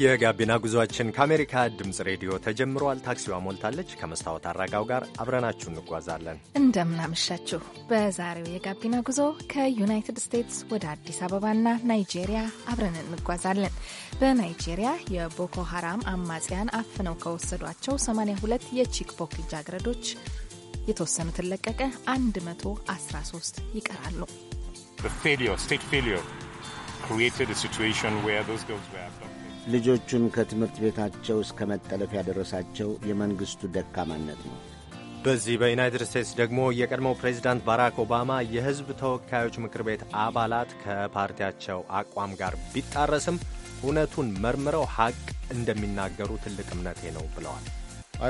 የጋቢና ጉዟችን ከአሜሪካ ድምፅ ሬዲዮ ተጀምሯል። ታክሲዋ ሞልታለች። ከመስታወት አረጋው ጋር አብረናችሁ እንጓዛለን። እንደምናመሻችሁ። በዛሬው የጋቢና ጉዞ ከዩናይትድ ስቴትስ ወደ አዲስ አበባና ናይጄሪያ አብረን እንጓዛለን። በናይጄሪያ የቦኮ ሀራም አማጽያን አፍነው ከወሰዷቸው 82 የቺክቦክ ልጃገረዶች የተወሰኑትን ለቀቀ 113 ይቀራሉ። ስቴት ፌሊዮር ክሪኤትድ ሲቹዌሽን ዌር ዞዝ ገርልስ ልጆቹን ከትምህርት ቤታቸው እስከ መጠለፍ ያደረሳቸው የመንግሥቱ ደካማነት ነው። በዚህ በዩናይትድ ስቴትስ ደግሞ የቀድሞው ፕሬዚዳንት ባራክ ኦባማ የሕዝብ ተወካዮች ምክር ቤት አባላት ከፓርቲያቸው አቋም ጋር ቢጣረስም እውነቱን መርምረው ሐቅ እንደሚናገሩ ትልቅ እምነቴ ነው ብለዋል። I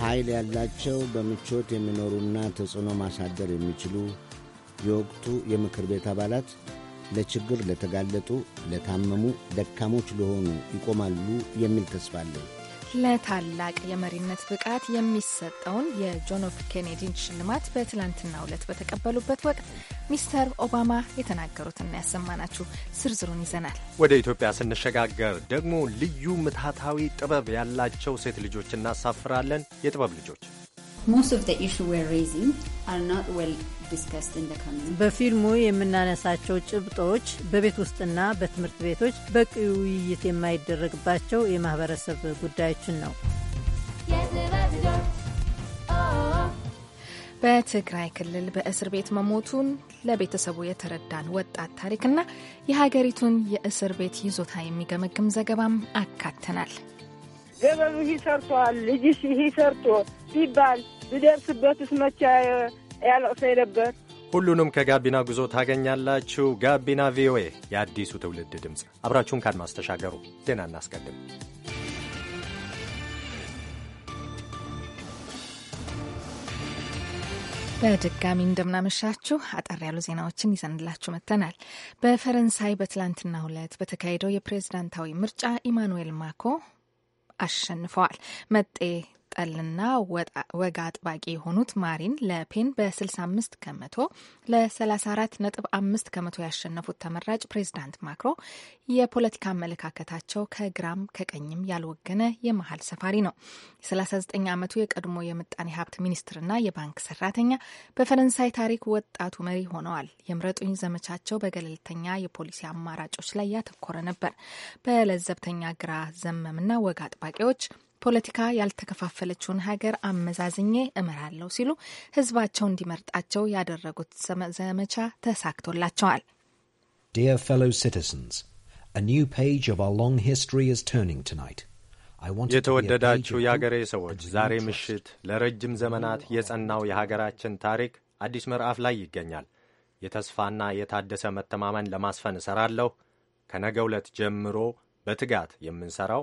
ኃይል ያላቸው በምቾት የሚኖሩና ተጽዕኖ ማሳደር የሚችሉ የወቅቱ የምክር ቤት አባላት ለችግር ለተጋለጡ፣ ለታመሙ፣ ደካሞች ለሆኑ ይቆማሉ የሚል ተስፋ አለን። ለታላቅ የመሪነት ብቃት የሚሰጠውን የጆን ኤፍ ኬኔዲን ሽልማት በትላንትናው ዕለት በተቀበሉበት ወቅት ሚስተር ኦባማ የተናገሩትና ያሰማናችሁ ዝርዝሩን ይዘናል። ወደ ኢትዮጵያ ስንሸጋገር ደግሞ ልዩ ምትሃታዊ ጥበብ ያላቸው ሴት ልጆች እናሳፍራለን። የጥበብ ልጆች በፊልሙ የምናነሳቸው ጭብጦች በቤት ውስጥና በትምህርት ቤቶች በቂ ውይይት የማይደረግባቸው የማህበረሰብ ጉዳዮችን ነው። በትግራይ ክልል በእስር ቤት መሞቱን ለቤተሰቡ የተረዳን ወጣት ታሪክና የሀገሪቱን የእስር ቤት ይዞታ የሚገመግም ዘገባም አካተናል። ገበኑ ይህ ሰርቷል፣ ልጅሽ ይህ ሰርቶ ብደርስበትስ መቼ ያለቅሰኝ ነበር። ሁሉንም ከጋቢና ጉዞ ታገኛላችሁ። ጋቢና ቪኦኤ የአዲሱ ትውልድ ድምፅ። አብራችሁን ካድማስ ተሻገሩ። ዜና እናስቀድም። በድጋሚ እንደምናመሻችሁ አጠር ያሉ ዜናዎችን ይዘንላችሁ መጥተናል። በፈረንሳይ በትላንትናው ዕለት በተካሄደው የፕሬዝዳንታዊ ምርጫ ኢማኑኤል ማክሮን አሸንፈዋል። መጤ ጠልና ወግ አጥባቂ የሆኑት ማሪን ለፔን በ65 ከመቶ ለ 5 ከመቶ ያሸነፉት ተመራጭ ፕሬዚዳንት ማክሮ የፖለቲካ አመለካከታቸው ከግራም ከቀኝም ያልወገነ የመሀል ሰፋሪ ነው። የ39 ዓመቱ የቀድሞ የምጣኔ ሀብት ሚኒስትርና የባንክ ሰራተኛ በፈረንሳይ ታሪክ ወጣቱ መሪ ሆነዋል። የምረጡኝ ዘመቻቸው በገለልተኛ የፖሊሲ አማራጮች ላይ ያተኮረ ነበር። በለዘብተኛ ግራ ዘመምና ወግ አጥባቂዎች ፖለቲካ ያልተከፋፈለችውን ሀገር አመዛዝኜ እመራለሁ ሲሉ ህዝባቸው እንዲመርጣቸው ያደረጉት ዘመቻ ተሳክቶላቸዋል። Dear fellow citizens, a new page of our long history is turning tonight. የተወደዳችሁ የአገሬ ሰዎች ዛሬ ምሽት ለረጅም ዘመናት የጸናው የሀገራችን ታሪክ አዲስ ምዕራፍ ላይ ይገኛል። የተስፋና የታደሰ መተማመን ለማስፈን እሰራለሁ። ከነገ ዕለት ጀምሮ በትጋት የምንሰራው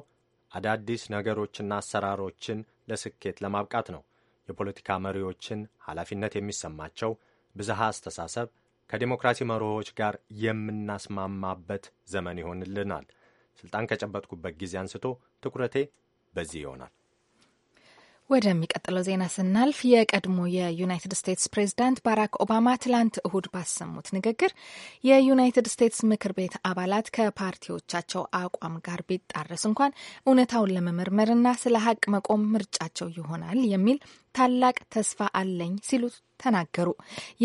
አዳዲስ ነገሮችና አሰራሮችን ለስኬት ለማብቃት ነው። የፖለቲካ መሪዎችን ኃላፊነት የሚሰማቸው ብዝሃ አስተሳሰብ ከዲሞክራሲ መርሆች ጋር የምናስማማበት ዘመን ይሆንልናል። ስልጣን ከጨበጥኩበት ጊዜ አንስቶ ትኩረቴ በዚህ ይሆናል። ወደሚቀጥለው ዜና ስናልፍ የቀድሞ የዩናይትድ ስቴትስ ፕሬዚዳንት ባራክ ኦባማ ትላንት እሁድ ባሰሙት ንግግር የዩናይትድ ስቴትስ ምክር ቤት አባላት ከፓርቲዎቻቸው አቋም ጋር ቢጣረስ እንኳን እውነታውን ለመመርመርና ስለ ሀቅ መቆም ምርጫቸው ይሆናል የሚል ታላቅ ተስፋ አለኝ ሲሉ ተናገሩ።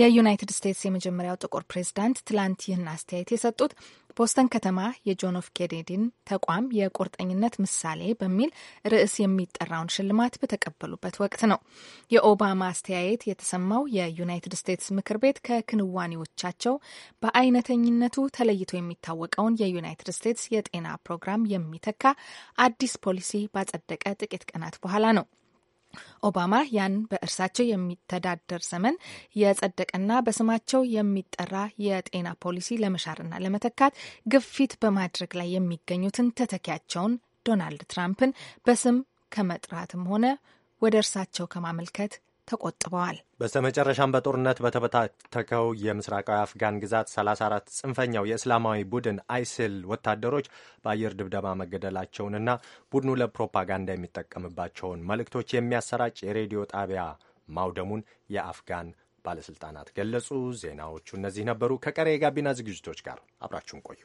የዩናይትድ ስቴትስ የመጀመሪያው ጥቁር ፕሬዚዳንት ትላንት ይህን አስተያየት የሰጡት ቦስተን ከተማ የጆን ኦፍ ኬኔዲን ተቋም የቁርጠኝነት ምሳሌ በሚል ርዕስ የሚጠራውን ሽልማት በተቀበሉበት ወቅት ነው። የኦባማ አስተያየት የተሰማው የዩናይትድ ስቴትስ ምክር ቤት ከክንዋኔዎቻቸው በአይነተኝነቱ ተለይቶ የሚታወቀውን የዩናይትድ ስቴትስ የጤና ፕሮግራም የሚተካ አዲስ ፖሊሲ ባጸደቀ ጥቂት ቀናት በኋላ ነው። ኦባማ ያን በእርሳቸው የሚተዳደር ዘመን የጸደቀና በስማቸው የሚጠራ የጤና ፖሊሲ ለመሻርና ለመተካት ግፊት በማድረግ ላይ የሚገኙትን ተተኪያቸውን ዶናልድ ትራምፕን በስም ከመጥራትም ሆነ ወደ እርሳቸው ከማመልከት ተቆጥበዋል። በስተመጨረሻም በጦርነት በተበታተከው የምስራቃዊ አፍጋን ግዛት 34 ጽንፈኛው የእስላማዊ ቡድን አይስል ወታደሮች በአየር ድብደባ መገደላቸውንና ቡድኑ ለፕሮፓጋንዳ የሚጠቀምባቸውን መልእክቶች የሚያሰራጭ የሬዲዮ ጣቢያ ማውደሙን የአፍጋን ባለስልጣናት ገለጹ። ዜናዎቹ እነዚህ ነበሩ። ከቀሪ የጋቢና ዝግጅቶች ጋር አብራችሁን ቆዩ።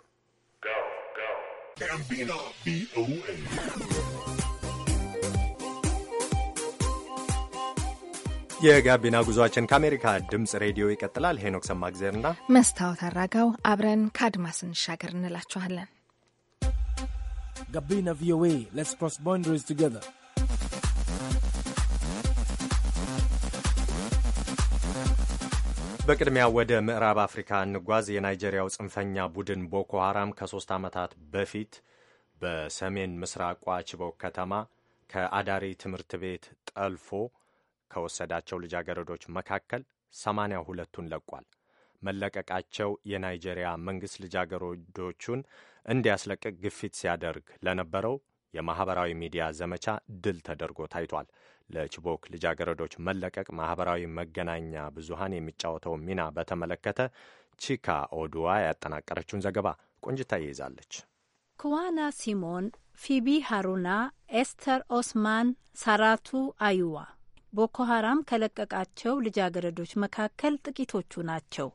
የጋቢና ጉዟችን ከአሜሪካ ድምፅ ሬዲዮ ይቀጥላል። ሄኖክ ሰማግዜርና መስታወት አራጋው አብረን ከአድማስ እንሻገር እንላችኋለን። ጋቢና ቪኦኤ ሌትስ ክሮስ ቦንደሪስ ቱጌዘር በቅድሚያ ወደ ምዕራብ አፍሪካ እንጓዝ። የናይጄሪያው ጽንፈኛ ቡድን ቦኮ ሐራም ከሶስት ዓመታት በፊት በሰሜን ምስራቋ ቺቦክ ከተማ ከአዳሪ ትምህርት ቤት ጠልፎ ከወሰዳቸው ልጃገረዶች መካከል ሰማንያ ሁለቱን ለቋል። መለቀቃቸው የናይጄሪያ መንግሥት ልጃገረዶቹን እንዲያስለቅቅ ግፊት ሲያደርግ ለነበረው የማኅበራዊ ሚዲያ ዘመቻ ድል ተደርጎ ታይቷል። ለችቦክ ልጃገረዶች መለቀቅ ማኅበራዊ መገናኛ ብዙሃን የሚጫወተው ሚና በተመለከተ ቺካ ኦዱዋ ያጠናቀረችውን ዘገባ ቆንጅታ ይይዛለች። ክዋና ሲሞን፣ ፊቢ ሃሩና፣ ኤስተር ኦስማን፣ ሳራቱ አዩዋ ቦኮ ሀራም ከለቀቃቸው ልጃገረዶች መካከል ጥቂቶቹ ናቸው።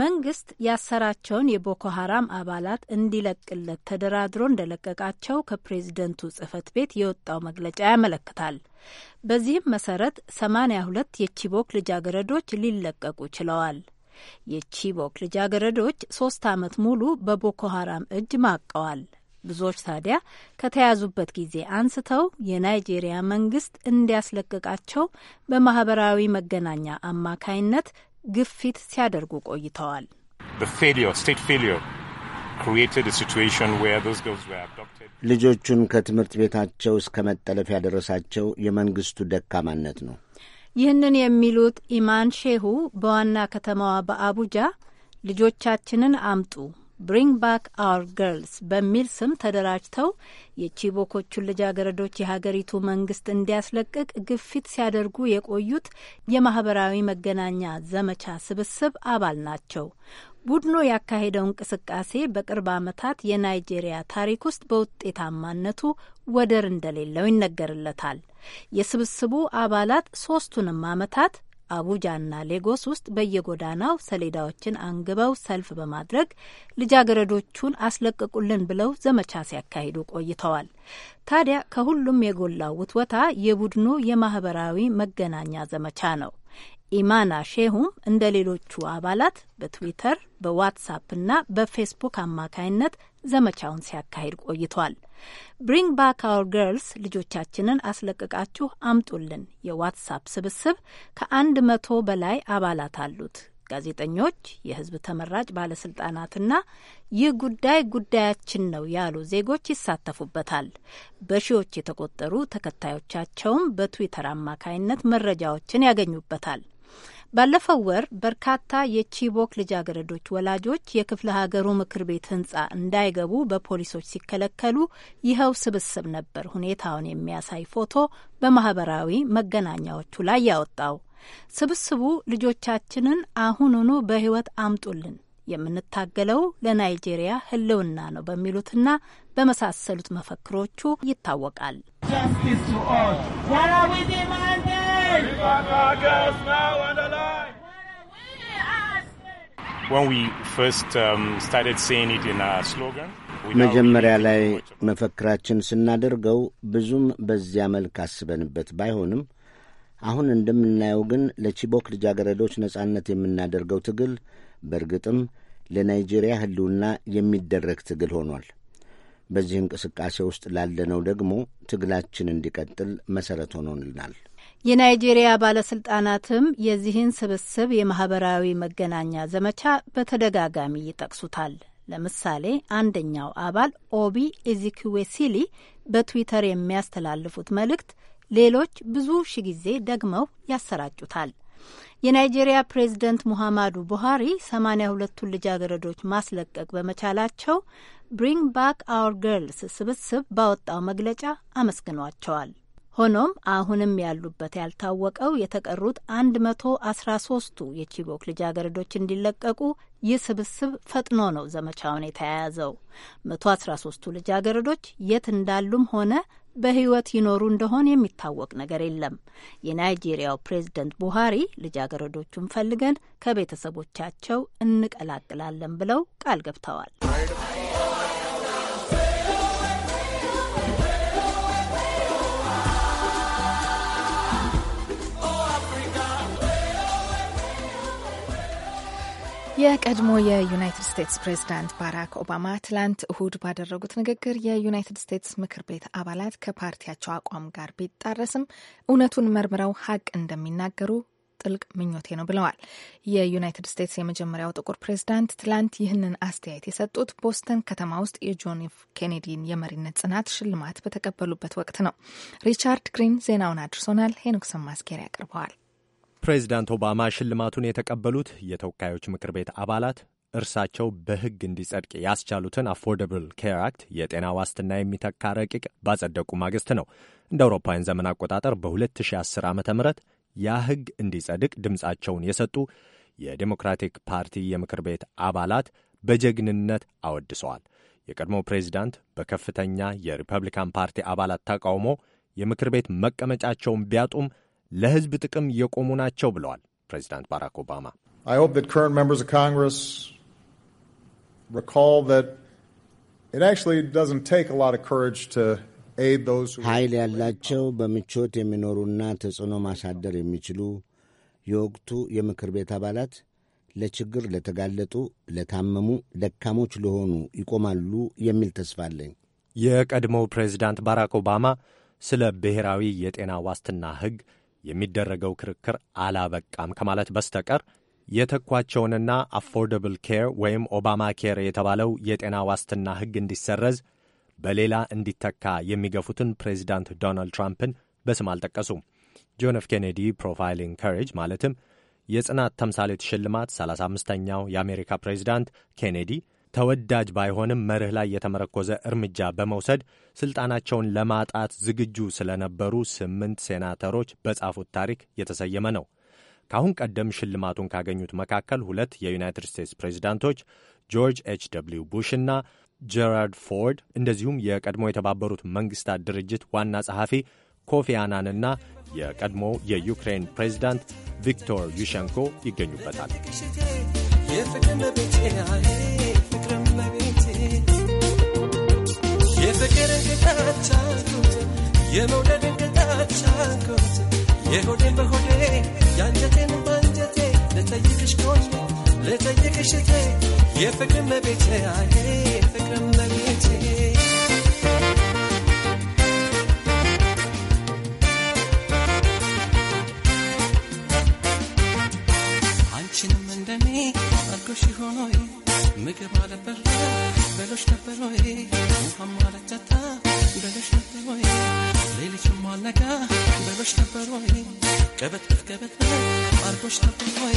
መንግስት ያሰራቸውን የቦኮ ሀራም አባላት እንዲለቅለት ተደራድሮ እንደለቀቃቸው ከፕሬዝደንቱ ጽህፈት ቤት የወጣው መግለጫ ያመለክታል። በዚህም መሰረት ሰማንያ ሁለት የቺቦክ ልጃገረዶች ሊለቀቁ ችለዋል። የቺቦክ ልጃገረዶች ሶስት አመት ሙሉ በቦኮ ሀራም እጅ ማቀዋል። ብዙዎች ታዲያ ከተያዙበት ጊዜ አንስተው የናይጄሪያ መንግስት እንዲያስለቅቃቸው በማህበራዊ መገናኛ አማካይነት ግፊት ሲያደርጉ ቆይተዋል። ልጆቹን ከትምህርት ቤታቸው እስከ መጠለፍ ያደረሳቸው የመንግስቱ ደካማነት ነው። ይህንን የሚሉት ኢማን ሼሁ በዋና ከተማዋ በአቡጃ ልጆቻችንን አምጡ ብሪንግ ባክ አወር ገርልስ በሚል ስም ተደራጅተው የቺቦኮቹን ልጃገረዶች የሀገሪቱ መንግስት እንዲያስለቅቅ ግፊት ሲያደርጉ የቆዩት የማህበራዊ መገናኛ ዘመቻ ስብስብ አባል ናቸው። ቡድኑ ያካሄደው እንቅስቃሴ በቅርብ ዓመታት የናይጄሪያ ታሪክ ውስጥ በውጤታማነቱ ወደር እንደሌለው ይነገርለታል። የስብስቡ አባላት ሶስቱንም ዓመታት አቡጃና ሌጎስ ውስጥ በየጎዳናው ሰሌዳዎችን አንግበው ሰልፍ በማድረግ ልጃገረዶቹን አስለቅቁልን ብለው ዘመቻ ሲያካሂዱ ቆይተዋል። ታዲያ ከሁሉም የጎላው ውትወታ የቡድኑ የማህበራዊ መገናኛ ዘመቻ ነው። ኢማና ሼሁም እንደ ሌሎቹ አባላት በትዊተር እና በፌስቡክ አማካይነት ዘመቻውን ሲያካሂድ ቆይቷል። ብሪንግ ባክ አወር ገርልስ ልጆቻችንን አስለቅቃችሁ አምጡልን የዋትሳፕ ስብስብ ከአንድ መቶ በላይ አባላት አሉት። ጋዜጠኞች፣ የህዝብ ተመራጭ ባለስልጣናትና ይህ ጉዳይ ጉዳያችን ነው ያሉ ዜጎች ይሳተፉበታል። በሺዎች የተቆጠሩ ተከታዮቻቸውም በትዊተር አማካይነት መረጃዎችን ያገኙበታል። ባለፈው ወር በርካታ የቺቦክ ልጃገረዶች ወላጆች የክፍለ ሀገሩ ምክር ቤት ህንጻ እንዳይገቡ በፖሊሶች ሲከለከሉ ይኸው ስብስብ ነበር ሁኔታውን የሚያሳይ ፎቶ በማህበራዊ መገናኛዎቹ ላይ ያወጣው። ስብስቡ ልጆቻችንን አሁኑኑ በህይወት አምጡልን፣ የምንታገለው ለናይጄሪያ ህልውና ነው በሚሉትና በመሳሰሉት መፈክሮቹ ይታወቃል። Um, መጀመሪያ ላይ መፈክራችን ስናደርገው ብዙም በዚያ መልክ አስበንበት ባይሆንም አሁን እንደምናየው ግን ለቺቦክ ልጃገረዶች ነጻነት የምናደርገው ትግል በእርግጥም ለናይጄሪያ ሕልውና የሚደረግ ትግል ሆኗል። በዚህ እንቅስቃሴ ውስጥ ላለነው ደግሞ ትግላችን እንዲቀጥል መሠረት ሆኖልናል። የናይጄሪያ ባለስልጣናትም የዚህን ስብስብ የማህበራዊ መገናኛ ዘመቻ በተደጋጋሚ ይጠቅሱታል። ለምሳሌ አንደኛው አባል ኦቢ ኤዚኪዌሲሊ በትዊተር የሚያስተላልፉት መልእክት ሌሎች ብዙ ሺ ጊዜ ደግመው ያሰራጩታል። የናይጄሪያ ፕሬዝደንት ሙሐማዱ ቡሃሪ ሰማንያ ሁለቱን ልጃገረዶች ማስለቀቅ በመቻላቸው ብሪንግ ባክ አወር ገርልስ ስብስብ ባወጣው መግለጫ አመስግኗቸዋል። ሆኖም አሁንም ያሉበት ያልታወቀው የተቀሩት አንድ መቶ አስራ ሶስቱ የቺቦክ ልጃገረዶች እንዲለቀቁ ይህ ስብስብ ፈጥኖ ነው ዘመቻውን የተያያዘው አስራ ሶስቱ ልጃገረዶች የት እንዳሉም ሆነ በህይወት ይኖሩ እንደሆን የሚታወቅ ነገር የለም። የናይጄሪያው ፕሬዝደንት ቡሃሪ ልጃገረዶቹን ፈልገን ከቤተሰቦቻቸው እንቀላቅላለን ብለው ቃል ገብተዋል። የቀድሞ የዩናይትድ ስቴትስ ፕሬዝዳንት ባራክ ኦባማ ትላንት እሁድ ባደረጉት ንግግር የዩናይትድ ስቴትስ ምክር ቤት አባላት ከፓርቲያቸው አቋም ጋር ቢጣረስም እውነቱን መርምረው ሀቅ እንደሚናገሩ ጥልቅ ምኞቴ ነው ብለዋል። የዩናይትድ ስቴትስ የመጀመሪያው ጥቁር ፕሬዝዳንት ትላንት ይህንን አስተያየት የሰጡት ቦስተን ከተማ ውስጥ የጆን ኤፍ ኬኔዲን የመሪነት ጽናት ሽልማት በተቀበሉበት ወቅት ነው። ሪቻርድ ግሪን ዜናውን አድርሶናል። ሄኖክ ሰማስጌር ያቀርበዋል። ፕሬዚዳንት ኦባማ ሽልማቱን የተቀበሉት የተወካዮች ምክር ቤት አባላት እርሳቸው በሕግ እንዲጸድቅ ያስቻሉትን አፎርደብል ኬር አክት የጤና ዋስትና የሚተካ ረቂቅ ባጸደቁ ማግስት ነው። እንደ አውሮፓውያን ዘመን አቆጣጠር በ2010 ዓ ም ያ ሕግ እንዲጸድቅ ድምፃቸውን የሰጡ የዴሞክራቲክ ፓርቲ የምክር ቤት አባላት በጀግንነት አወድሰዋል። የቀድሞው ፕሬዚዳንት በከፍተኛ የሪፐብሊካን ፓርቲ አባላት ተቃውሞ የምክር ቤት መቀመጫቸውን ቢያጡም ለሕዝብ ጥቅም የቆሙ ናቸው ብለዋል ፕሬዚዳንት ባራክ ኦባማ። ኃይል ያላቸው በምቾት የሚኖሩና ተጽዕኖ ማሳደር የሚችሉ የወቅቱ የምክር ቤት አባላት ለችግር ለተጋለጡ፣ ለታመሙ፣ ደካሞች ለሆኑ ይቆማሉ የሚል ተስፋ አለኝ። የቀድሞው ፕሬዚዳንት ባራክ ኦባማ ስለ ብሔራዊ የጤና ዋስትና ሕግ የሚደረገው ክርክር አላበቃም ከማለት በስተቀር የተኳቸውንና አፎርደብል ኬር ወይም ኦባማ ኬር የተባለው የጤና ዋስትና ሕግ እንዲሰረዝ በሌላ እንዲተካ የሚገፉትን ፕሬዚዳንት ዶናልድ ትራምፕን በስም አልጠቀሱም። ጆን ኤፍ ኬኔዲ ፕሮፋይሊንግ ከሬጅ ማለትም የጽናት ተምሳሌት ሽልማት 35ኛው የአሜሪካ ፕሬዚዳንት ኬኔዲ ተወዳጅ ባይሆንም መርህ ላይ የተመረኮዘ እርምጃ በመውሰድ ስልጣናቸውን ለማጣት ዝግጁ ስለነበሩ ስምንት ሴናተሮች በጻፉት ታሪክ የተሰየመ ነው። ከአሁን ቀደም ሽልማቱን ካገኙት መካከል ሁለት የዩናይትድ ስቴትስ ፕሬዚዳንቶች ጆርጅ ኤች ደብልዩ ቡሽ እና ጀራርድ ፎርድ እንደዚሁም የቀድሞ የተባበሩት መንግስታት ድርጅት ዋና ጸሐፊ ኮፊ አናንና የቀድሞ የዩክሬን ፕሬዚዳንት ቪክቶር ዩሸንኮ ይገኙበታል። የፍቅርን ቅጣቻንኩት የመውደድን ቅጣቻንኩት የሆዴን በሆዴ የአንጀቴን ባንጀቴ ልጠይቅሽ ኮኜ ልጠይቅሽ እቴ የፍቅር መቤቴ አዬ የፍቅር መቤቴ አንቺንም እንደኔ አልጎሽ ሆኖይ ምግብ አለበር በሎች ነበር ወይ በሎች ማለጋ በሎች ነበር ወይ ቀበት ቀበት አርጎች ነበር ወይ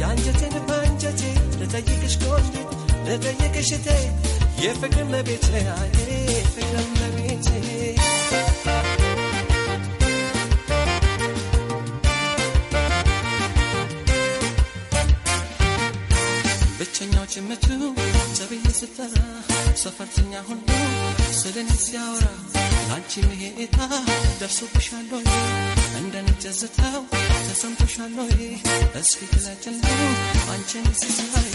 የአንጀቴን በአንጀቴ ልጠይቅሽ ከወንፊት ልጠይቅሽ እቴ የፍቅር ለቤቴ አገሬ ፍቅር ለቤቴ ብቸኛው ጭምቱ ተብዬ ስጠራ ሰፈርተኛ ሁሉ ስለኔ ሲያወራ ላንቺ መሄታ ደርሶብሻል ወይ እንደ ነጭ ዝታው ተሰምቶሻል እስኪ ግለጭልኝ አንቺን ሲሳይ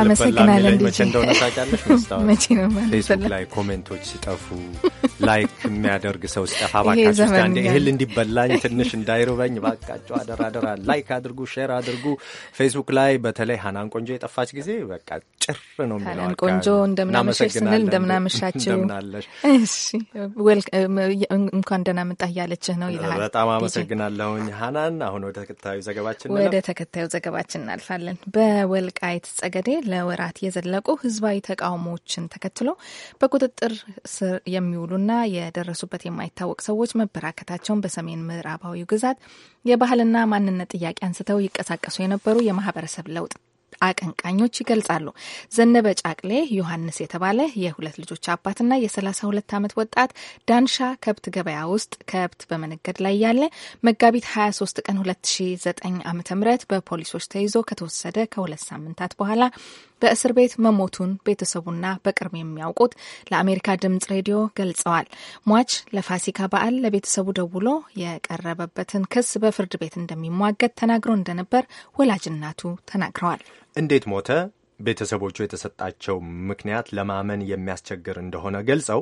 አመሰግናለን። መቼ እንደሆነ ታውቂያለሽ ፌስቡክ ላይ ኮሜንቶች ሲጠፉ ላይክ የሚያደርግ ሰው ሲጠፋ እህል እንዲበላኝ ትንሽ እንዳይርበኝ አደራ አደራ ላይክ አድርጉ፣ ሼር አድርጉ። ፌስቡክ ላይ በተለይ ሀናን ቆንጆ የጠፋች ጊዜ በቃ ጭር ነው የሚለው። ቆንጆ እንደምናመሸሽ ስንል እንኳን ደህና መጣህ እያለችህ ነው ይልሃል። በጣም አመሰግናለሁኝ ሀናን። አሁን ወደ ተከታዩ ዘገባችን ወደ ተከታዩ ዘገባችን እናልፋለን። በወልቃይት ጸገዴ ለወራት የዘለቁ ህዝባዊ ተቃውሞዎችን ተከትሎ በቁጥጥር ስር የሚውሉና የደረሱበት የማይታወቅ ሰዎች መበራከታቸውን በሰሜን ምዕራባዊ ግዛት የባህልና ማንነት ጥያቄ አንስተው ይቀሳቀሱ የነበሩ የማህበረሰብ ለውጥ አቀንቃኞች ይገልጻሉ። ዘነበ ጫቅሌ ዮሐንስ የተባለ የሁለት ልጆች አባትና የ ሁለት ዓመት ወጣት ዳንሻ ከብት ገበያ ውስጥ ከብት በመነገድ ላይ ያለ መጋቢት 23 ቀን 2009 ዓ ም በፖሊሶች ተይዞ ከተወሰደ ከሁለት ሳምንታት በኋላ በእስር ቤት መሞቱን ቤተሰቡና በቅርብ የሚያውቁት ለአሜሪካ ድምጽ ሬዲዮ ገልጸዋል። ሟች ለፋሲካ በዓል ለቤተሰቡ ደውሎ የቀረበበትን ክስ በፍርድ ቤት እንደሚሟገት ተናግሮ እንደነበር ወላጅናቱ ተናግረዋል። እንዴት ሞተ? ቤተሰቦቹ የተሰጣቸው ምክንያት ለማመን የሚያስቸግር እንደሆነ ገልጸው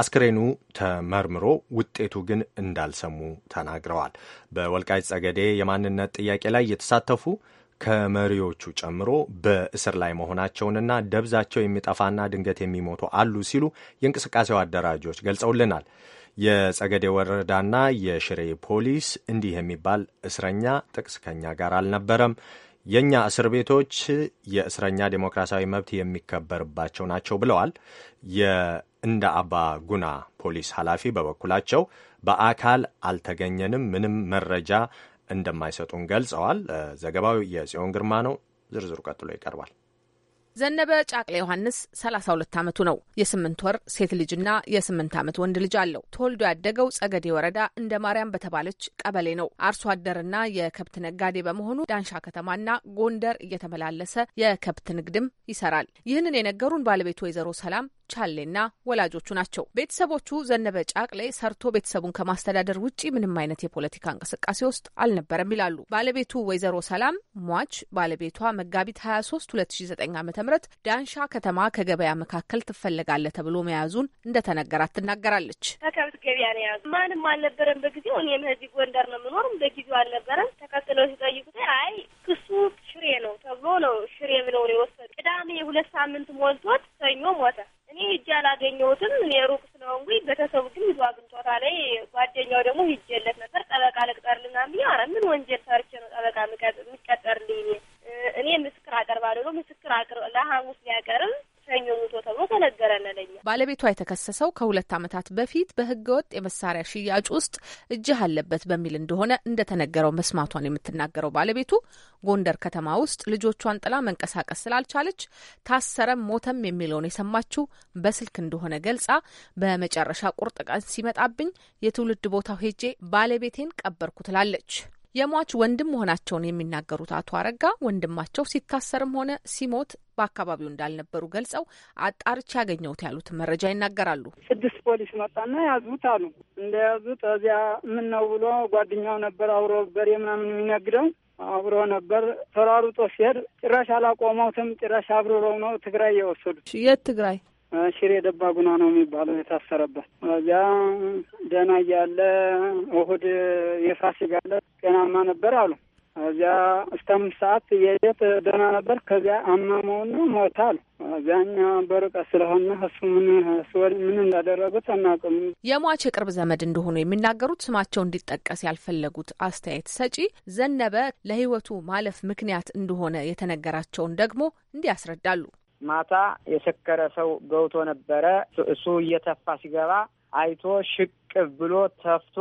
አስክሬኑ ተመርምሮ ውጤቱ ግን እንዳልሰሙ ተናግረዋል። በወልቃይት ጸገዴ የማንነት ጥያቄ ላይ የተሳተፉ ከመሪዎቹ ጨምሮ በእስር ላይ መሆናቸውንና ደብዛቸው የሚጠፋና ድንገት የሚሞቱ አሉ ሲሉ የእንቅስቃሴው አደራጆች ገልጸውልናል። የጸገዴ ወረዳና የሽሬ ፖሊስ እንዲህ የሚባል እስረኛ ጥቅስ ከኛ ጋር አልነበረም፣ የእኛ እስር ቤቶች የእስረኛ ዴሞክራሲያዊ መብት የሚከበርባቸው ናቸው ብለዋል። የእንደ አባ ጉና ፖሊስ ኃላፊ በበኩላቸው በአካል አልተገኘንም፣ ምንም መረጃ እንደማይሰጡን ገልጸዋል። ዘገባው የጽዮን ግርማ ነው። ዝርዝሩ ቀጥሎ ይቀርባል። ዘነበ ጫቅለ ዮሐንስ 32 ዓመቱ ነው። የስምንት ወር ሴት ልጅና የስምንት ዓመት ወንድ ልጅ አለው። ተወልዶ ያደገው ጸገዴ ወረዳ እንደ ማርያም በተባለች ቀበሌ ነው። አርሶ አደርና የከብት ነጋዴ በመሆኑ ዳንሻ ከተማና ጎንደር እየተመላለሰ የከብት ንግድም ይሰራል። ይህንን የነገሩን ባለቤት ወይዘሮ ሰላም ቻሌና ወላጆቹ ናቸው። ቤተሰቦቹ ዘነበ ጫቅሌ ሰርቶ ቤተሰቡን ከማስተዳደር ውጭ ምንም አይነት የፖለቲካ እንቅስቃሴ ውስጥ አልነበረም ይላሉ። ባለቤቱ ወይዘሮ ሰላም ሟች ባለቤቷ መጋቢት 23 2009 ዓ ም ዳንሻ ከተማ ከገበያ መካከል ትፈለጋለህ ተብሎ መያዙን እንደተነገራት ትናገራለች። ከከብት ገበያ ነው የያዙ። ማንም አልነበረም በጊዜው። እኔም እዚህ ጎንደር ነው የምኖርም፣ በጊዜው አልነበረም። ተከትለው ሲጠይቁት አይ ክሱ ሽሬ ነው ተብሎ ነው ሽሬ ብለው ነው የወሰዱ። ቅዳሜ ሁለት ሳምንት ሞልቶት ሰኞ ሞተ። ሂጅ አላገኘሁትም። የሩቅ ሩቅ ስለሆንኩኝ ቤተሰቡ ግን ይዞ አግኝቶታ ላይ ጓደኛው ደግሞ ሂጅ የለት ባለቤቷ የተከሰሰው ከሁለት ዓመታት በፊት በህገወጥ የመሳሪያ ሽያጭ ውስጥ እጅህ አለበት በሚል እንደሆነ እንደተነገረው መስማቷን የምትናገረው ባለቤቱ ጎንደር ከተማ ውስጥ ልጆቿን ጥላ መንቀሳቀስ ስላልቻለች ታሰረም ሞተም የሚለውን የሰማችው በስልክ እንደሆነ ገልጻ በመጨረሻ ቁርጥ ቀን ሲመጣብኝ የትውልድ ቦታው ሄጄ ባለቤቴን ቀበርኩ ትላለች። የሟች ወንድም መሆናቸውን የሚናገሩት አቶ አረጋ ወንድማቸው ሲታሰርም ሆነ ሲሞት በአካባቢው እንዳልነበሩ ገልጸው አጣርቼ ያገኘሁት ያሉት መረጃ ይናገራሉ። ስድስት ፖሊስ መጣና ያዙት አሉ። እንደያዙት እዚያ ምን ነው ብሎ ጓደኛው ነበር አብሮ በሬ ምናምን የሚነግደው አብሮ ነበር። ተሯሩጦ ሲሄድ ጭራሽ አላቆመውትም። ጭራሽ አብርረው ነው ትግራይ የወሰዱት። የት ትግራይ? ሽሬ ጉና ነው የሚባለው የታሰረበት። እዚያ ደህና እያለ እሑድ የፋሲካ አለ ጤናማ ነበር አሉ። እዚያ እስከ አምስት ሰዓት የየት ደህና ነበር። ከዚያ አመመውና ሞተ አሉ። እዚያኛ በርቀት ስለሆነ እሱ ምን ምን እንዳደረጉት አናውቅም። የሟች የቅርብ ዘመድ እንደሆኑ የሚናገሩት ስማቸው እንዲጠቀስ ያልፈለጉት አስተያየት ሰጪ ዘነበ ለህይወቱ ማለፍ ምክንያት እንደሆነ የተነገራቸውን ደግሞ እንዲህ ያስረዳሉ። ማታ የሰከረ ሰው ገብቶ ነበረ። እሱ እየተፋ ሲገባ አይቶ ሽቅ ብሎ ተፍቶ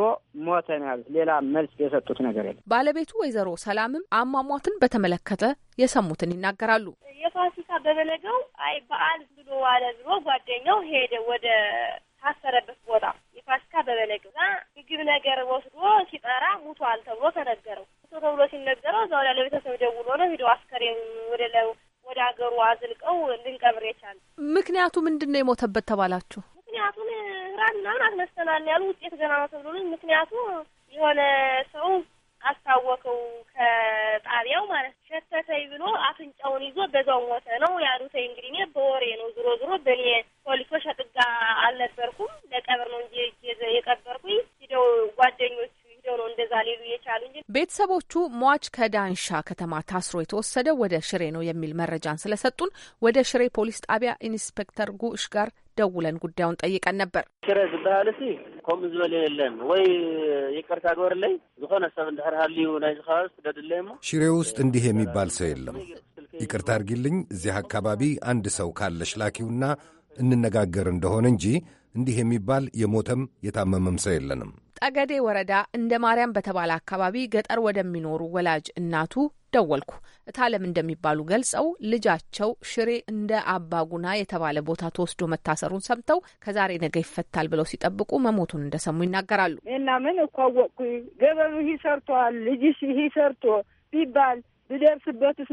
ሞተ ነው ሌላ መልስ የሰጡት ነገር የለም። ባለቤቱ ወይዘሮ ሰላምም አሟሟትን በተመለከተ የሰሙትን ይናገራሉ። የፋሲካ በበለገው አይ በዓል ብሎ ዋለ ብሎ ጓደኛው ሄደ ወደ ታሰረበት ቦታ የፋሲካ በበለገው እና ምግብ ነገር ወስዶ ሲጠራ ሙቷል ተብሎ ተነገረው። ሙቶ ተብሎ ሲነገረው እዛው ላይ ቤተሰብ ደውሎ ነው ሄደው አስከሬን ወደ ወደ ሀገሩ አዝልቀው ልንቀብር የቻለ ምክንያቱ ምንድን ነው የሞተበት ተባላችሁ? ምናምን አስነስተናል ያሉ ውጤት ገና ነው ተብሎልኝ፣ ምክንያቱ የሆነ ሰው አስታወቀው ከጣቢያው ማለት ሸተተኝ ብሎ አፍንጫውን ይዞ በዛው ሞተ ነው ያሉት። እንግዲህ እኔ በወሬ ነው ዞሮ ዞሮ በእኔ ፖሊሶች አጥጋ አልነበርኩም። ለቀብር ነው እንጂ የቀበርኩኝ ሂደው ጓደኞች ነው እንደዛ ሊሉ የቻሉ እንጂ ቤተሰቦቹ ሟች ከዳንሻ ከተማ ታስሮ የተወሰደው ወደ ሽሬ ነው የሚል መረጃን ስለሰጡን ወደ ሽሬ ፖሊስ ጣቢያ ኢንስፔክተር ጉሽ ጋር ደውለን ጉዳዩን ጠይቀን ነበር። ሽረ ዝበሃል ሲ ከምኡ ዝበል የለን ወይ ይቅርታ ግበርለይ ዝኾነ ሰብ እንድሕር ሃልዩ ናይ ዝኸባቢ ስደድለይ እሞ ሽሬ ውስጥ እንዲህ የሚባል ሰው የለም። ይቅርታ አድርጊልኝ፣ እዚህ አካባቢ አንድ ሰው ካለሽ ላኪውና እንነጋገር እንደሆነ እንጂ እንዲህ የሚባል የሞተም የታመመም ሰው የለንም። ጠገዴ ወረዳ እንደ ማርያም በተባለ አካባቢ ገጠር ወደሚኖሩ ወላጅ እናቱ ደወልኩ። እታለም እንደሚባሉ ገልጸው ልጃቸው ሽሬ እንደ አባጉና የተባለ ቦታ ተወስዶ መታሰሩን ሰምተው ከዛሬ ነገ ይፈታል ብለው ሲጠብቁ መሞቱን እንደሰሙ ይናገራሉ። እና ምን እኮ አወቅኩ ገበኑ ሰርቷል ልጅሽ ይህ ሰርቶ ቢባል ብደርስበትስ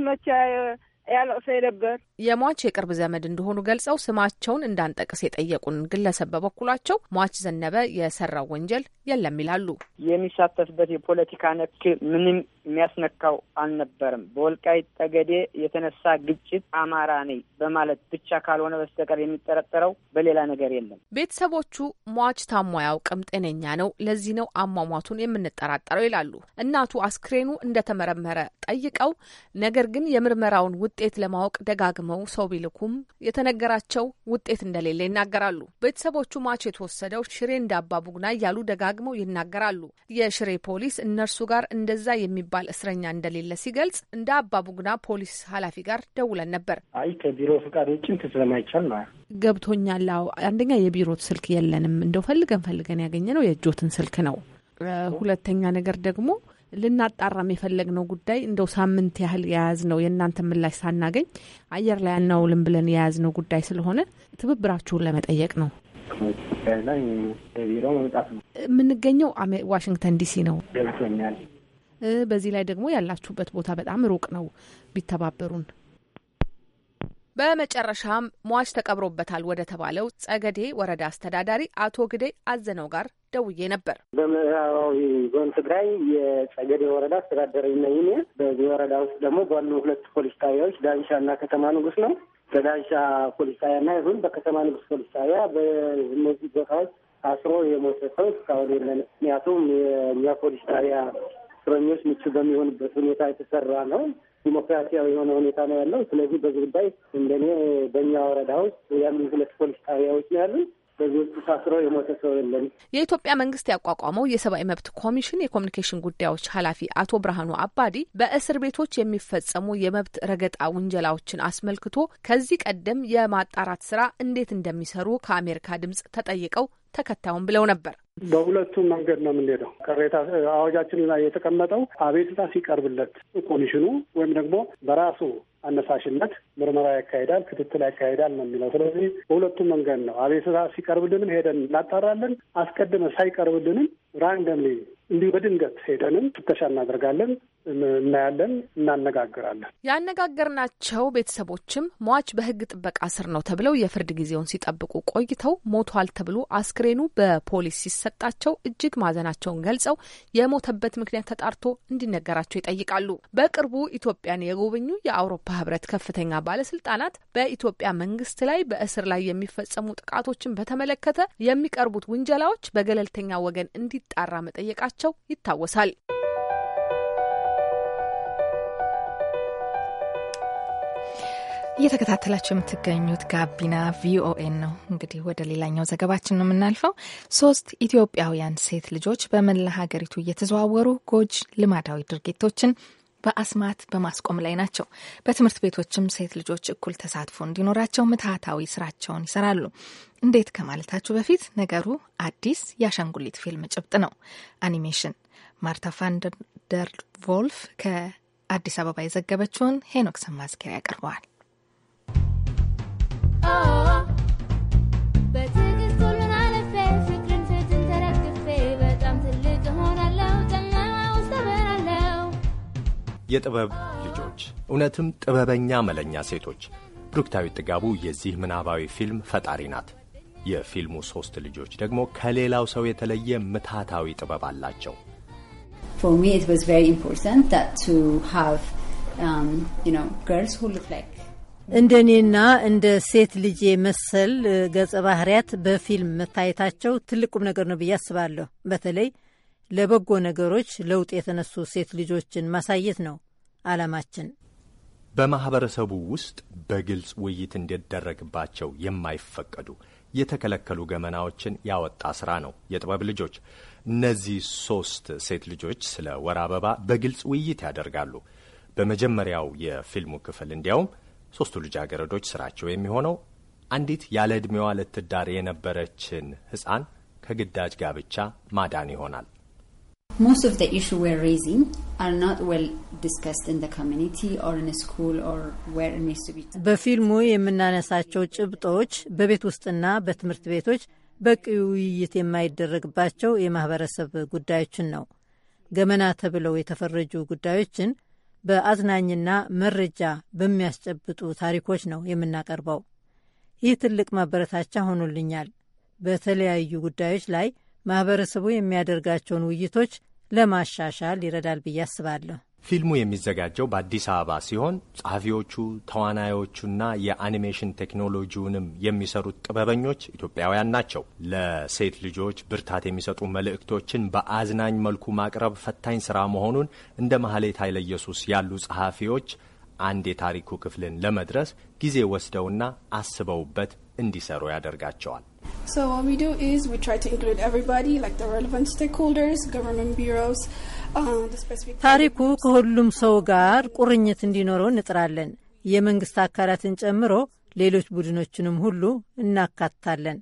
ያለቅሰኝ ነበር። የሟች የቅርብ ዘመድ እንደሆኑ ገልጸው ስማቸውን እንዳንጠቅስ የጠየቁን ግለሰብ በበኩላቸው ሟች ዘነበ የሰራው ወንጀል የለም ይላሉ። የሚሳተፍበት የፖለቲካ ነክ ምንም የሚያስነካው አልነበርም። በወልቃይት ጠገዴ የተነሳ ግጭት አማራ ነኝ በማለት ብቻ ካልሆነ በስተቀር የሚጠረጠረው በሌላ ነገር የለም። ቤተሰቦቹ ሟች ታሟያው አያውቅም፣ ጤነኛ ነው። ለዚህ ነው አሟሟቱን የምንጠራጠረው ይላሉ። እናቱ አስክሬኑ እንደተመረመረ ጠይቀው ነገር ግን የምርመራውን ውጥ ውጤት ለማወቅ ደጋግመው ሰው ቢልኩም የተነገራቸው ውጤት እንደሌለ ይናገራሉ። ቤተሰቦቹ ማች የተወሰደው ሽሬ እንዳባ ቡግና እያሉ ደጋግመው ይናገራሉ። የሽሬ ፖሊስ እነርሱ ጋር እንደዛ የሚባል እስረኛ እንደሌለ ሲገልጽ እንደ አባ ቡግና ፖሊስ ኃላፊ ጋር ደውለን ነበር። አይ ከቢሮ ፍቃድ ውጭም ስለማይቻል ነው ገብቶኛል። አንደኛ የቢሮ ስልክ የለንም፣ እንደው ፈልገን ፈልገን ያገኘ ነው የእጆትን ስልክ ነው። ሁለተኛ ነገር ደግሞ ልናጣራም የፈለግነው ጉዳይ እንደው ሳምንት ያህል የያዝነው የእናንተ ምላሽ ሳናገኝ አየር ላይ አናውልም ብለን የያዝነው ጉዳይ ስለሆነ ትብብራችሁን ለመጠየቅ ነው። ቢሮ መምጣት ነው የምንገኘው። ዋሽንግተን ዲሲ ነው ገብቶኛል። በዚህ ላይ ደግሞ ያላችሁበት ቦታ በጣም ሩቅ ነው ቢተባበሩን። በመጨረሻም ሟች ተቀብሮበታል ወደ ተባለው ጸገዴ ወረዳ አስተዳዳሪ አቶ ግዴ አዘነው ጋር ደውዬ ነበር። በምዕራባዊ ዞን ትግራይ የጸገዴ ወረዳ አስተዳደረኝ ነኝ እኔ። በዚህ ወረዳ ውስጥ ደግሞ ባሉ ሁለት ፖሊስ ጣቢያዎች ዳንሻ እና ከተማ ንጉስ ነው። በዳንሻ ፖሊስ ጣቢያና ይሁን በከተማ ንጉስ ፖሊስ ጣቢያ በእነዚህ ቦታዎች አስሮ የሞተ ሰው እስካሁን የለን። ምክንያቱም የእኛ ፖሊስ ጣቢያ እስረኞች ምቹ በሚሆንበት ሁኔታ የተሰራ ነው። ዲሞክራሲያዊ የሆነ ሁኔታ ነው ያለው። ስለዚህ በዚህ ጉዳይ እንደኔ በእኛ ወረዳ ውስጥ ያሉ ሁለት ፖሊስ ጣቢያዎች ነው ያሉን። በዚህ ውስጥ ታስረው የሞተ ሰው የለም። የኢትዮጵያ መንግስት ያቋቋመው የሰብአዊ መብት ኮሚሽን የኮሚኒኬሽን ጉዳዮች ኃላፊ አቶ ብርሃኑ አባዲ በእስር ቤቶች የሚፈጸሙ የመብት ረገጣ ውንጀላዎችን አስመልክቶ ከዚህ ቀደም የማጣራት ስራ እንዴት እንደሚሰሩ ከአሜሪካ ድምጽ ተጠይቀው ተከታዩን ብለው ነበር። በሁለቱም መንገድ ነው የምንሄደው። ቅሬታ አዋጃችን ላይ የተቀመጠው አቤቱታ ሲቀርብለት ኮሚሽኑ ወይም ደግሞ በራሱ አነሳሽነት ምርመራ ያካሄዳል ክትትል ያካሂዳል ነው የሚለው። ስለዚህ በሁለቱም መንገድ ነው። አቤቱታ ሲቀርብልንም ሄደን እናጣራለን። አስቀድመን ሳይቀርብልንም ራንደምሊ እንዲሁ በድንገት ሄደንም ፍተሻ እናደርጋለን፣ እናያለን፣ እናነጋግራለን። ያነጋገርናቸው ቤተሰቦችም ሟች በሕግ ጥበቃ ስር ነው ተብለው የፍርድ ጊዜውን ሲጠብቁ ቆይተው ሞቷል ተብሎ አስክሬኑ በፖሊስ ሲሰጣቸው እጅግ ማዘናቸውን ገልጸው የሞተበት ምክንያት ተጣርቶ እንዲነገራቸው ይጠይቃሉ። በቅርቡ ኢትዮጵያን የጎበኙ የአውሮ የአውሮፓ ህብረት ከፍተኛ ባለስልጣናት በኢትዮጵያ መንግስት ላይ በእስር ላይ የሚፈጸሙ ጥቃቶችን በተመለከተ የሚቀርቡት ውንጀላዎች በገለልተኛ ወገን እንዲጣራ መጠየቃቸው ይታወሳል። እየተከታተላቸው የምትገኙት ጋቢና ቪኦኤን ነው። እንግዲህ ወደ ሌላኛው ዘገባችን ነው የምናልፈው። ሶስት ኢትዮጵያውያን ሴት ልጆች በመላ ሀገሪቱ እየተዘዋወሩ ጎጂ ልማዳዊ ድርጊቶችን በአስማት በማስቆም ላይ ናቸው። በትምህርት ቤቶችም ሴት ልጆች እኩል ተሳትፎ እንዲኖራቸው ምትሃታዊ ስራቸውን ይሰራሉ። እንዴት ከማለታችሁ በፊት ነገሩ አዲስ የአሻንጉሊት ፊልም ጭብጥ ነው። አኒሜሽን ማርታ ፋንደር ቮልፍ ከአዲስ አበባ የዘገበችውን ሄኖክ ሰማዝጌር ያቀርበዋል። የጥበብ ልጆች እውነትም ጥበበኛ መለኛ ሴቶች። ብሩክታዊት ጥጋቡ የዚህ ምናባዊ ፊልም ፈጣሪ ናት። የፊልሙ ሦስት ልጆች ደግሞ ከሌላው ሰው የተለየ ምታታዊ ጥበብ አላቸው። um, እንደ እኔና እንደ ሴት ልጄ መሰል uh, ገጸ ባህሪያት በፊልም መታየታቸው ትልቅ ቁም ነገር ነው ብዬ አስባለሁ። በተለይ ለበጎ ነገሮች ለውጥ የተነሱ ሴት ልጆችን ማሳየት ነው አላማችን። በማኅበረሰቡ ውስጥ በግልጽ ውይይት እንዲደረግባቸው የማይፈቀዱ የተከለከሉ ገመናዎችን ያወጣ ሥራ ነው የጥበብ ልጆች። እነዚህ ሦስት ሴት ልጆች ስለ ወር አበባ በግልጽ ውይይት ያደርጋሉ። በመጀመሪያው የፊልሙ ክፍል እንዲያውም ሦስቱ ልጃገረዶች ሥራቸው የሚሆነው አንዲት ያለ ዕድሜዋ ልትዳር የነበረችን ሕፃን ከግዳጅ ጋብቻ ማዳን ይሆናል። most of the issues we're raising are not well discussed in the community or in school or where it needs to be. በፊልሙ የምናነሳቸው ጭብጦች በቤት ውስጥና በትምህርት ቤቶች በቂ ውይይት የማይደረግባቸው የማህበረሰብ ጉዳዮችን ነው። ገመና ተብለው የተፈረጁ ጉዳዮችን በአዝናኝና መረጃ በሚያስጨብጡ ታሪኮች ነው የምናቀርበው። ይህ ትልቅ ማበረታቻ ሆኖልኛል። በተለያዩ ጉዳዮች ላይ ማህበረሰቡ የሚያደርጋቸውን ውይይቶች ለማሻሻል ይረዳል ብዬ አስባለሁ። ፊልሙ የሚዘጋጀው በአዲስ አበባ ሲሆን ጸሐፊዎቹ፣ ተዋናዮቹና የአኒሜሽን ቴክኖሎጂውንም የሚሰሩት ጥበበኞች ኢትዮጵያውያን ናቸው። ለሴት ልጆች ብርታት የሚሰጡ መልእክቶችን በአዝናኝ መልኩ ማቅረብ ፈታኝ ስራ መሆኑን እንደ ማህሌት ኃይለ ኢየሱስ ያሉ ጸሐፊዎች አንድ የታሪኩ ክፍልን ለመድረስ ጊዜ ወስደውና አስበውበት እንዲሰሩ ያደርጋቸዋል። ታሪኩ ከሁሉም ሰው ጋር ቁርኝት እንዲኖረው እንጥራለን። የመንግስት አካላትን ጨምሮ ሌሎች ቡድኖችንም ሁሉ እናካትታለን።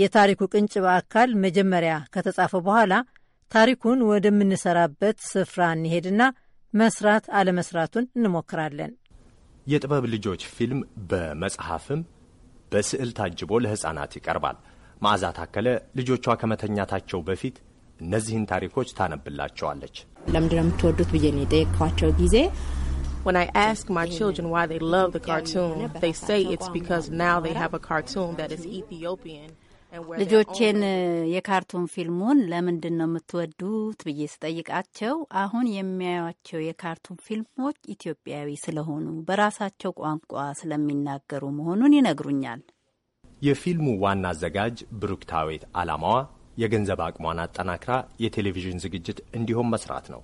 የታሪኩ ቅንጭብ አካል መጀመሪያ ከተጻፈ በኋላ ታሪኩን ወደምንሰራበት ስፍራ እንሄድና መስራት አለመስራቱን እንሞክራለን። የጥበብ ልጆች ፊልም በመጽሐፍም በስዕል ታጅቦ ለሕፃናት ይቀርባል። መዓዛ ታከለ ልጆቿ ከመተኛታቸው በፊት እነዚህን ታሪኮች ታነብላቸዋለች። ለምንድነው የምትወዱት ብዬ ነው የጠየቅኳቸው ጊዜ When I ask my children why they love the cartoon, they say it's because now they have a cartoon that is Ethiopian. ልጆቼን የካርቱን ፊልሙን ለምንድን ነው የምትወዱት ብዬ ስጠይቃቸው አሁን የሚያዩቸው የካርቱን ፊልሞች ኢትዮጵያዊ ስለሆኑ በራሳቸው ቋንቋ ስለሚናገሩ መሆኑን ይነግሩኛል። የፊልሙ ዋና አዘጋጅ ብሩክታዊት አላማዋ የገንዘብ አቅሟን አጠናክራ የቴሌቪዥን ዝግጅት እንዲሁም መስራት ነው።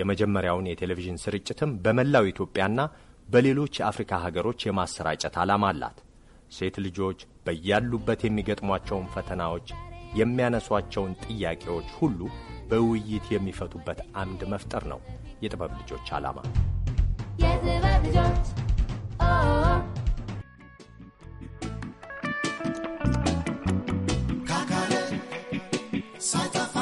የመጀመሪያውን የቴሌቪዥን ስርጭትም በመላው ኢትዮጵያና በሌሎች የአፍሪካ ሀገሮች የማሰራጨት ዓላማ አላት። ሴት ልጆች በያሉበት የሚገጥሟቸውን ፈተናዎች፣ የሚያነሷቸውን ጥያቄዎች ሁሉ በውይይት የሚፈቱበት አምድ መፍጠር ነው የጥበብ ልጆች ዓላማ። የጥበብ ልጆች ሳይጠፋ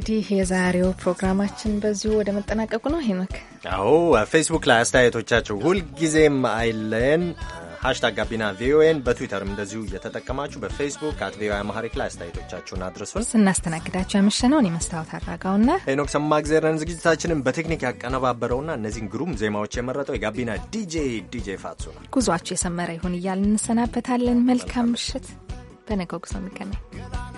እንግዲህ የዛሬው ፕሮግራማችን በዚሁ ወደ መጠናቀቁ ነው። ሄኖክ አዎ፣ ፌስቡክ ላይ አስተያየቶቻቸው ሁልጊዜም አይለን። ሀሽታግ ጋቢና ቪኦኤን በትዊተርም እንደዚሁ እየተጠቀማችሁ በፌስቡክ አት ቪኦኤ አማሪክ ላይ አስተያየቶቻችሁን አድርሱን። ስናስተናግዳችሁ ያመሸነውን የመስታወት አድራጋውና ሄኖክ ሰማግዜርን ዝግጅታችንን በቴክኒክ ያቀነባበረውና እነዚህን ግሩም ዜማዎች የመረጠው የጋቢና ዲጄ ዲጄ ፋትሱ ነው። ጉዟችሁ የሰመረ ይሁን እያል እንሰናበታለን። መልካም ምሽት። በነገው ጉዞ እንገናኝ።